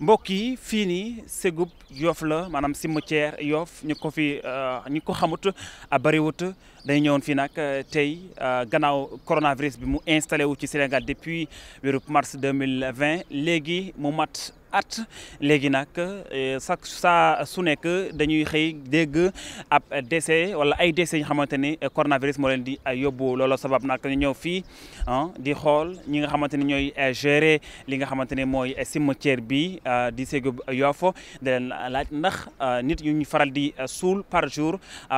mbokk yi fii nii Ségub Yoff la maanaam cimetière Yoff ñu ko fi euh, ñu ko xamut a euh, bariwut dañu ñëwoon fii nag euh, tey euh, gannaaw coronavirus bi mu installé wu ci Sénégal depuis weeru mars 2020 léegi mu mat at léegi nag euh, chaque saa su nekk dañuy xëy dégg ab décès wala ay décès yoo xamante ni coronavirus moo leen di yóbbu loolu sabab nag ñu ñëw fii ah, di xool ñi nga xamante ni ñooy gérer li nga xamante ni mooy cimetière bi di Ségub Yoff di leen ndax nit ñu faral di suul par jour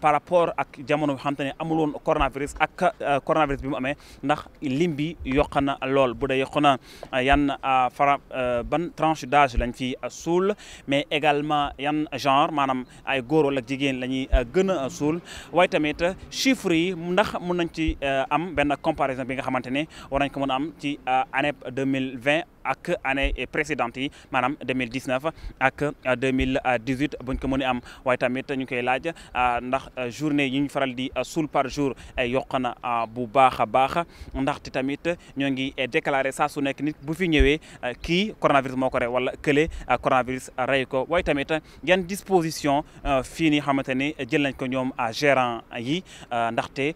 par rapport ak jamono bi xamante ne amul woon coronavirus ak euh, coronavirus bi mu amee ndax lim bi yokk na lool bu dee yokk euh, yan euh, fara ban tranche dage lañ fi suul mais également yan genre maanaam ay góor wala jigéen la ñuy gën a suul waaye tamit chiffres yi ndax mun nañ ci am benn comparaison bi nga xamante ne war nañ ko mën a am ci année 2020 ak année précédente yi maanaam 2019 ak 2018 buñ ko mënee am waay tamit ñu koy laaj ah, ndax journée yi ñu faral di suul par jour eh, yokk na ah, bu baax a baax ndaxte tamit ñoo ngi déclaré saa su nekk nit bu fi ñëwee eh, kii coronavirus moo ko rey wala kële eh, coronavirus rey ko waaye tamit yan disposition fii ni xamante ni jël nañ ko ñoom ah, gérant yi ndaxte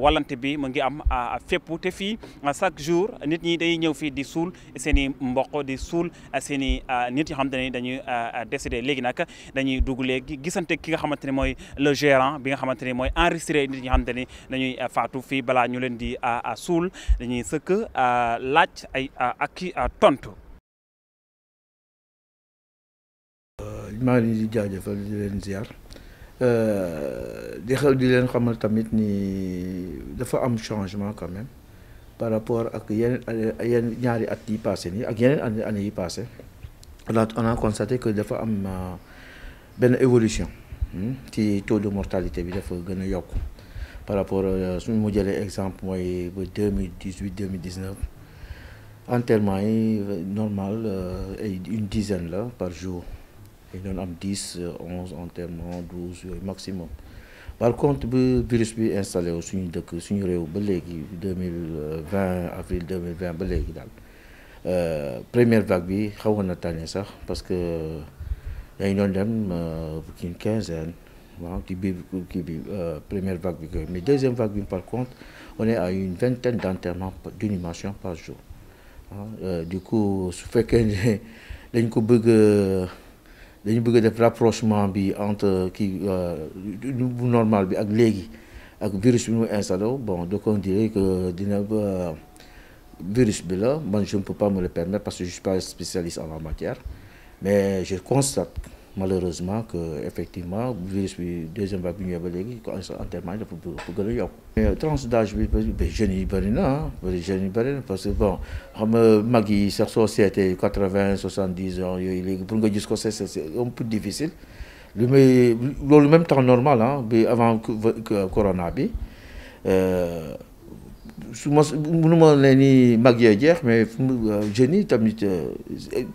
wallante bi mu ngi am fépp te fii chaque jour nit ñi day ñëw fii di suul seen seen i mboq di suul seen i ah, nit yoo xamante ne dañuy ah, ah, décédé léegi nag dañuy dugg léegi gisante ki nga xamante ne mooy le gérant bi nga xamante ne mooy enregistré nit ñi nga xamante ne dañuy faatu fii balaa ñu leen di suul dañuy sëkk laaj ay ak i tontu. maa ngi di jaajëfal di leen ziar euh, di leen xamal tamit ni dafa am changement quand par rapport ak yeneen yeneen ñaari at yi passé nii ak yeneen année yi passé on a on a constaté que dafa am euh, benn évolution hmm, ci taux de mortalité bi dafa gën a yokku par rapport euh, suñu mu jëlee exemple mooy ba deux mille dix huit deux mille dix neuf enterrement yi euh, normal ay une dizaine la par jour dañ doon am dix onze enterrement douze yooyu maximum. par contre bu virus bi installé wu suñu dëkk suñu réew ba léegi deux mille vingt avril deux ba léegi daal euh, première vague bi xawoon na tane sax parce que euh, dañ doon dem une euh, quinzaine waaw ci biir kii bi première bi mais deuxième vague bi par contre on est à une vingtaine d'enterrements d'inhumation par jour ah du coup su fekkee dañ ko bëgg dañu bëgg a def rapprochement bi entre kii bu euh, normal bi ak léegi ak virus bi mu installé bon donc on dirait que dina euh, virus bi la man je ne peux pas me le permettre parce que je suis pas spécialiste en la matière mais je constate malheureusement que effectivement virus bi deuxième vague bi ñëwee ba léegi ko en termes dafa bëgg yokk. Euh, tranche d'âge bi jeunes yi bëri na ah jeunes yi bëri na parce que bon xam nga mag yi sax soo seetee quatre vingt soixante dix ans yooyu léegi pour nga gis ko c'est c'est un peu difficile lu may loolu même temps normal ah bi avant corona bi euh, su ma mënu ma ne ni mag yooyu jeex mais euh, jeunes yi tamit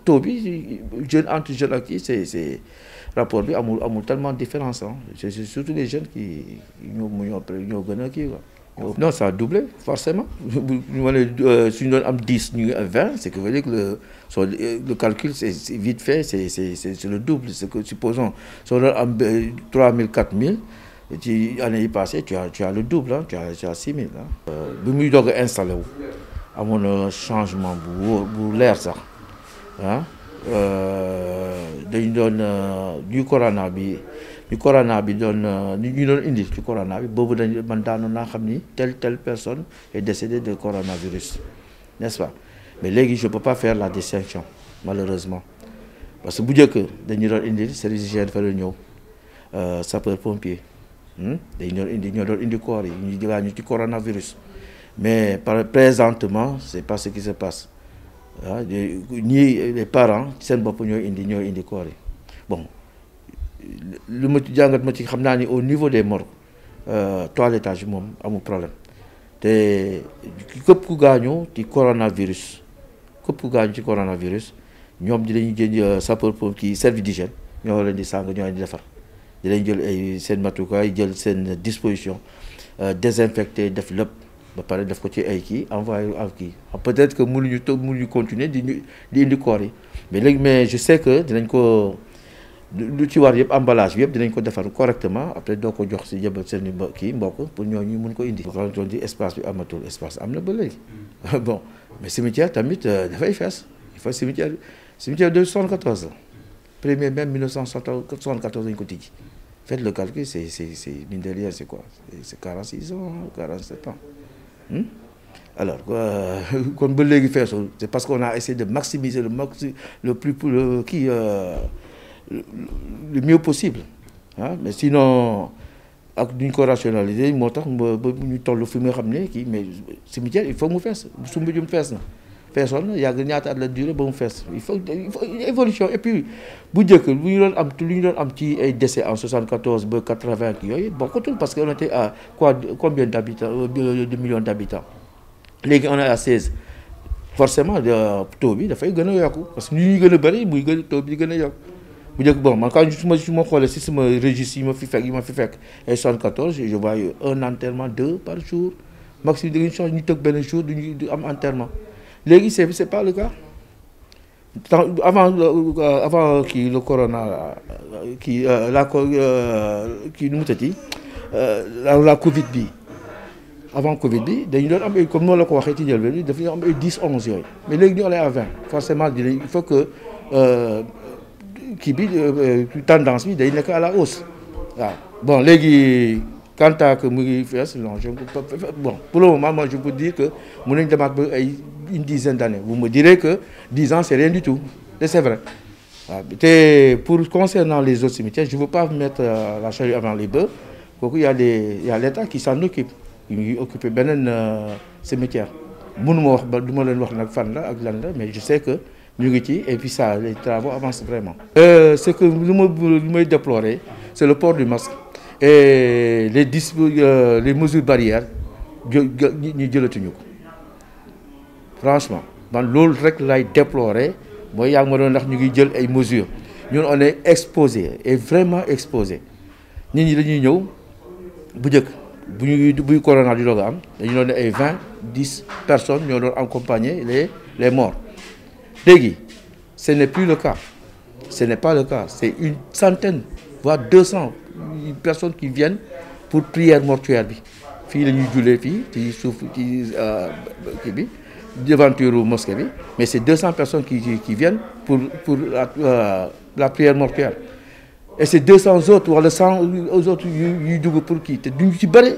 taux bi jeune entre jeune ak kii c'est c'est rapport bi amul amul tellement différence ah c'est surtout les jeunes qui ñoo ñoo gën a kii quoi. non ça a doublé forcément bu euh, ñu ma ne suñu doon am dix ñu ngi am vingt c'est que veut dire que le soo le calcul c'est vite fait c'est c'est c'est le double c'est que supposons soo doon am euh, trois mille quatre mille ci année yi passée tu as tu as le double tu as six mille ah. bi muy doog a installé wu amoon na changement bu wóor bu leer sax dañu doon euh, ñuy corona bi ñu bi doon euh, ñu ñu doon indi ci corona bi boobu dañu man daanoon naa xam ni telle telle personne est décédée de coronavirus n'est-ce pas mais léegi je peux pas faire la distinction malheureusement parce que bu njëkk dañu doon indi service d'hygiène fa la ñëw euh, sapeur pompier hmm? dañu doon indi ñoo doon indi corps yi ñu gaañu ci coronavirus mais par présentement c'est pas ce qui se passe ah ñii les parents seen bopp ñooy indi ñoo indi koor bon lu ma jàngat ma ci xam naa ni au niveau des morgues euh, toilettage moom amul problème te këpp ku gaañu ci coronavirus këpp ku gaañu ci coronavirus ñoom di dinañu jënd euh, sapeur pompier kii service d'hygiène ñoo leen di sàng ñoo defar di defar jël ay seen matukaay jël seen disposition euh, désinfecté def lépp. ba pare def ko ci ay kii envoyé ak kii ah, peut-être que mënuñu toog mënuñu continuer di di indi corps yi mais léegi mais je sais que dinañ ko lu ci war yëpp emballage bi yëpp dinañ ko defar correctement après doo ko jox si jëbal seen ki mbokk pour ñooñu mun ko indi. boo doon di espace bi amatul espace am na ba léegi. Mm. bon mais cimetière tamit euh, dafay fees il faut cimetière cimetière de 74 la premier mai 1974 dañ ko tijji. faites le calcul c'est c'est c'est mine de rien c'est quoi c'est 46 ans 47 ans Hmm? alors kon ba léegi feesoo c'est parce qu'on a essayé de maximiser le maxi le plus le kii euh, le mieux possible mais sinon ak duñ ko rationaliser moo tax ba ñu toll fi nga xam ne kii mais cimetière il faut mu fees su mu jëm fees na personne yàgg ñaata at la durée ba mu fees il faut évolution et puis bu njëkk lu ñu doon am lu ñu doon am ci ay décès en 74 ba 80 ak yooyu bokkatul parce que on était à quoi combien d' euh, de millions d' habitants léegi on est forcément euh, taux bi dafay gën a yokku parce que ñu ñuy gën a bëri muy gën taux bi gën a yokku bu njëkk bon man quand su ma su ma xoolee si sama registre yi ma fi fekk yi ma fi fekk ay 74 je vois un enterrement deux par jour maximum dañuy ñu tëg benn jour duñu am enterrement léegi c'est c'est pas le cas avant euh, euh, avant kii le corona kii euh, la ko kii nu mu tëddi la Covid bi avant Covid bi dañu doon am ay comme la ko waxee ci njëlbeen bi dafa ñu am ay dix onze yooyu mais léegi ñu on est à vingt forcément il faut que kii bi tendance bi day nekk à la hausse bon léegi. quant à que mu ngi fees non je ne peux pas bon pour le moment moi je peux dire que mën nañ demaat ba ay. une dizaine d'années vous me direz que dix ans c'est rien du tout et c'est vrai te pour concernant les autres cimetières je veux pas mettre euh, la charrue avant les bœufs kooku y a des y a l'État qui s'en occupe yu ngi occupé beneen euh, cimetière mënuma wax ba du ma leen wax nag fan la ak lan la mais je sais que ñu ngi ci et puis ça les travaux avancent vraiment euh, ce que lu ma lu may déplorer c'est le port du masque et les dis euh, les mesures barrières ñu jëlatuñu ko franchement man loolu rek lay déplorer mooy yaa ngi doon ndax ñu ngi jël ay mesures ñun on exposé et vraiment exposé nit ñi lañuy ñëw bu njëkk bu ñuy buy corona di doog a am dañu doon ne ay vingt dix personnes ñoo doon accompagner les les morts léegi ce n'est plus le cas ce n'est pas le cas c'est une centaine voire deux cents personnes qui viennent pour prière mortuaire bi fii la ñuy jullee fii ci suuf ci euh, kii bi devanture u bi mais c'est 200 personnes qui qui, qui viennent pour pour la, euh, la prière mortuaire et deux 200 autres wala 100 autres yu yuy dugg pour kii te duñu ci bëri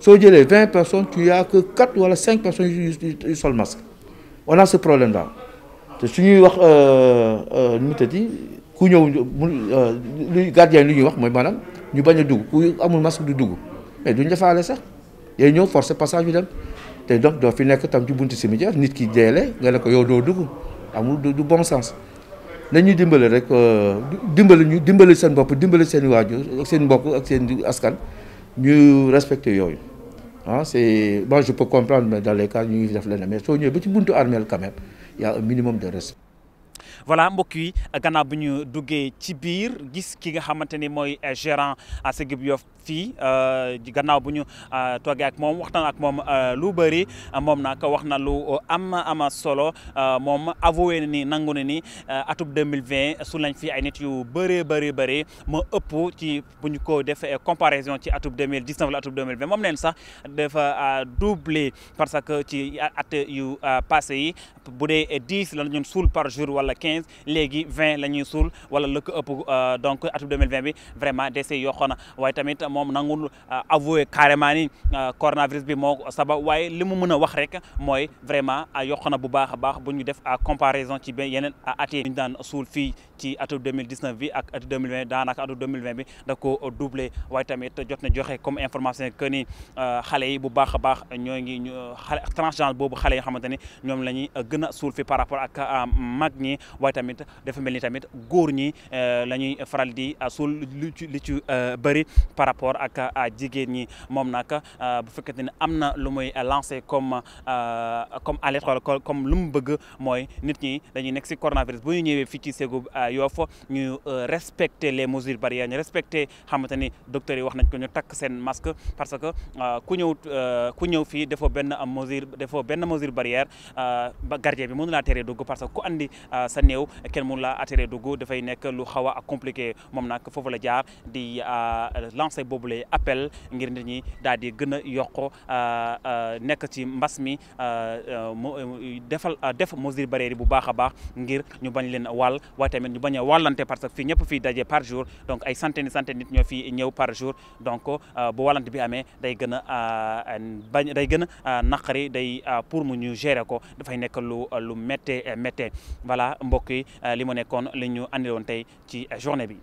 soo jëlee 20 personnes tu as que 4 wala 5 personnes yu sol masque on a ce problème là te su ñuy wax euh, euh, nu mu tëddi ku ñëw euh, lu gardien lu ñuy wax mooy maanaam ñu bañ a dugg ku amul masque du dugg mais duñ defaale sax day ñëw force passage bi dem. te donc doo fi nekk tam ci buntu cimetière nit ki deele nga ne ko yow doo dugg amul du bon sens nañu dimbale rek euh, dimbale ñu dimbale seen bopp dimbale seen waajur ak seen mbokk ak seen askan ñu respecté yooyu ah c'est moi je peux comprendre mais dans les cas ñu ngi def leneen mais soo ñëwee ba ci buntu armeel quand même y a un minimum de respect voilà mbokk yi gannaaw bu ñu duggee ci biir gis ki nga xamante ni mooy euh, gérant Asegub euh, Yoff fii euh, gannaaw bu ñu toogee ak moom waxtaan ak moom lu bëri moom nag wax na lu am ama solo moom avoué na ni nangu na ni atub 2020 su lañ fi ay nit yu bëree bëri bëri ma ëpp ci bu ñu ko defee comparaison ci atub 2019 la atub 2020 moom leen sax dafa doublé parce que ci at yu passé yi bu dee 10 la ñun suul par jour wala 15 quinze léegi vingt la ñuy suul wala lëkk ko ëpp euh, donc atum 2020 bi vraiment décès yokku na waaye tamit moom nangul euh, avoué carrément ni euh, coronavirus bi moo saba waaye li mu mën a wax rek mooy vraiment yokku na bu baax a baax bu ñu def à comparaison ci yeneen at yi ñu daan suul fii ci atu 2019 bi ak atu 2020 daanaka atu 2020 bi da ko doublé waaye tamit jot na joxe comme information que ni euh, xale yi bu baax a baax ñoo ngi ñu xale transgenre boobu xale yi xamante ni ñoom la ñuy gën a suul fi par rapport a euh, mag ñi waaye tamit dafa mel ni tamit góor ñi euh, la ñuy faral di suul lu ci li ci bëri par rapport ak jigéen ñi moom nag bu fekkente ni am na lu muy lancé comme comme alerte wala comme lu mu bëgg mooy nit ñi dañuy nekk si coronavirus bu ñu Yoff ñu euh, respecter les mesures barrières ñu respecter xamante ni docteurs yi wax nañ ko ñu takk seen masque parce que euh, ku ñëw euh, ku ñëw fii defoo benn mesure defoo benn mesure barrière ba gardien bi mënu laa teree dugg parce que ku andi sa néew kenn mënu laa teree dugg dafay nekk lu xaw a compliqué moom nag foofu la jaar di lancer boobule appel ngir nit ñi daal di gën a yokk nekk ci mbas mi mu defal def mesure barrière bu baax a baax ngir ñu bañ leen wàll waaye tamit ñu bañ a wàllante parce que fii ñëpp fii daje par jour donc ay centaine centaine nit ñoo fii ñëw par jour donc euh, bu wàllante bi amee day gën a euh, bañ day gën a euh, naqari day pour mu ñu gérer ko dafay nekk lu lu méttee méttee voilà mbokk yi li mu nekkoon li ñu andiloon tey ci journée bi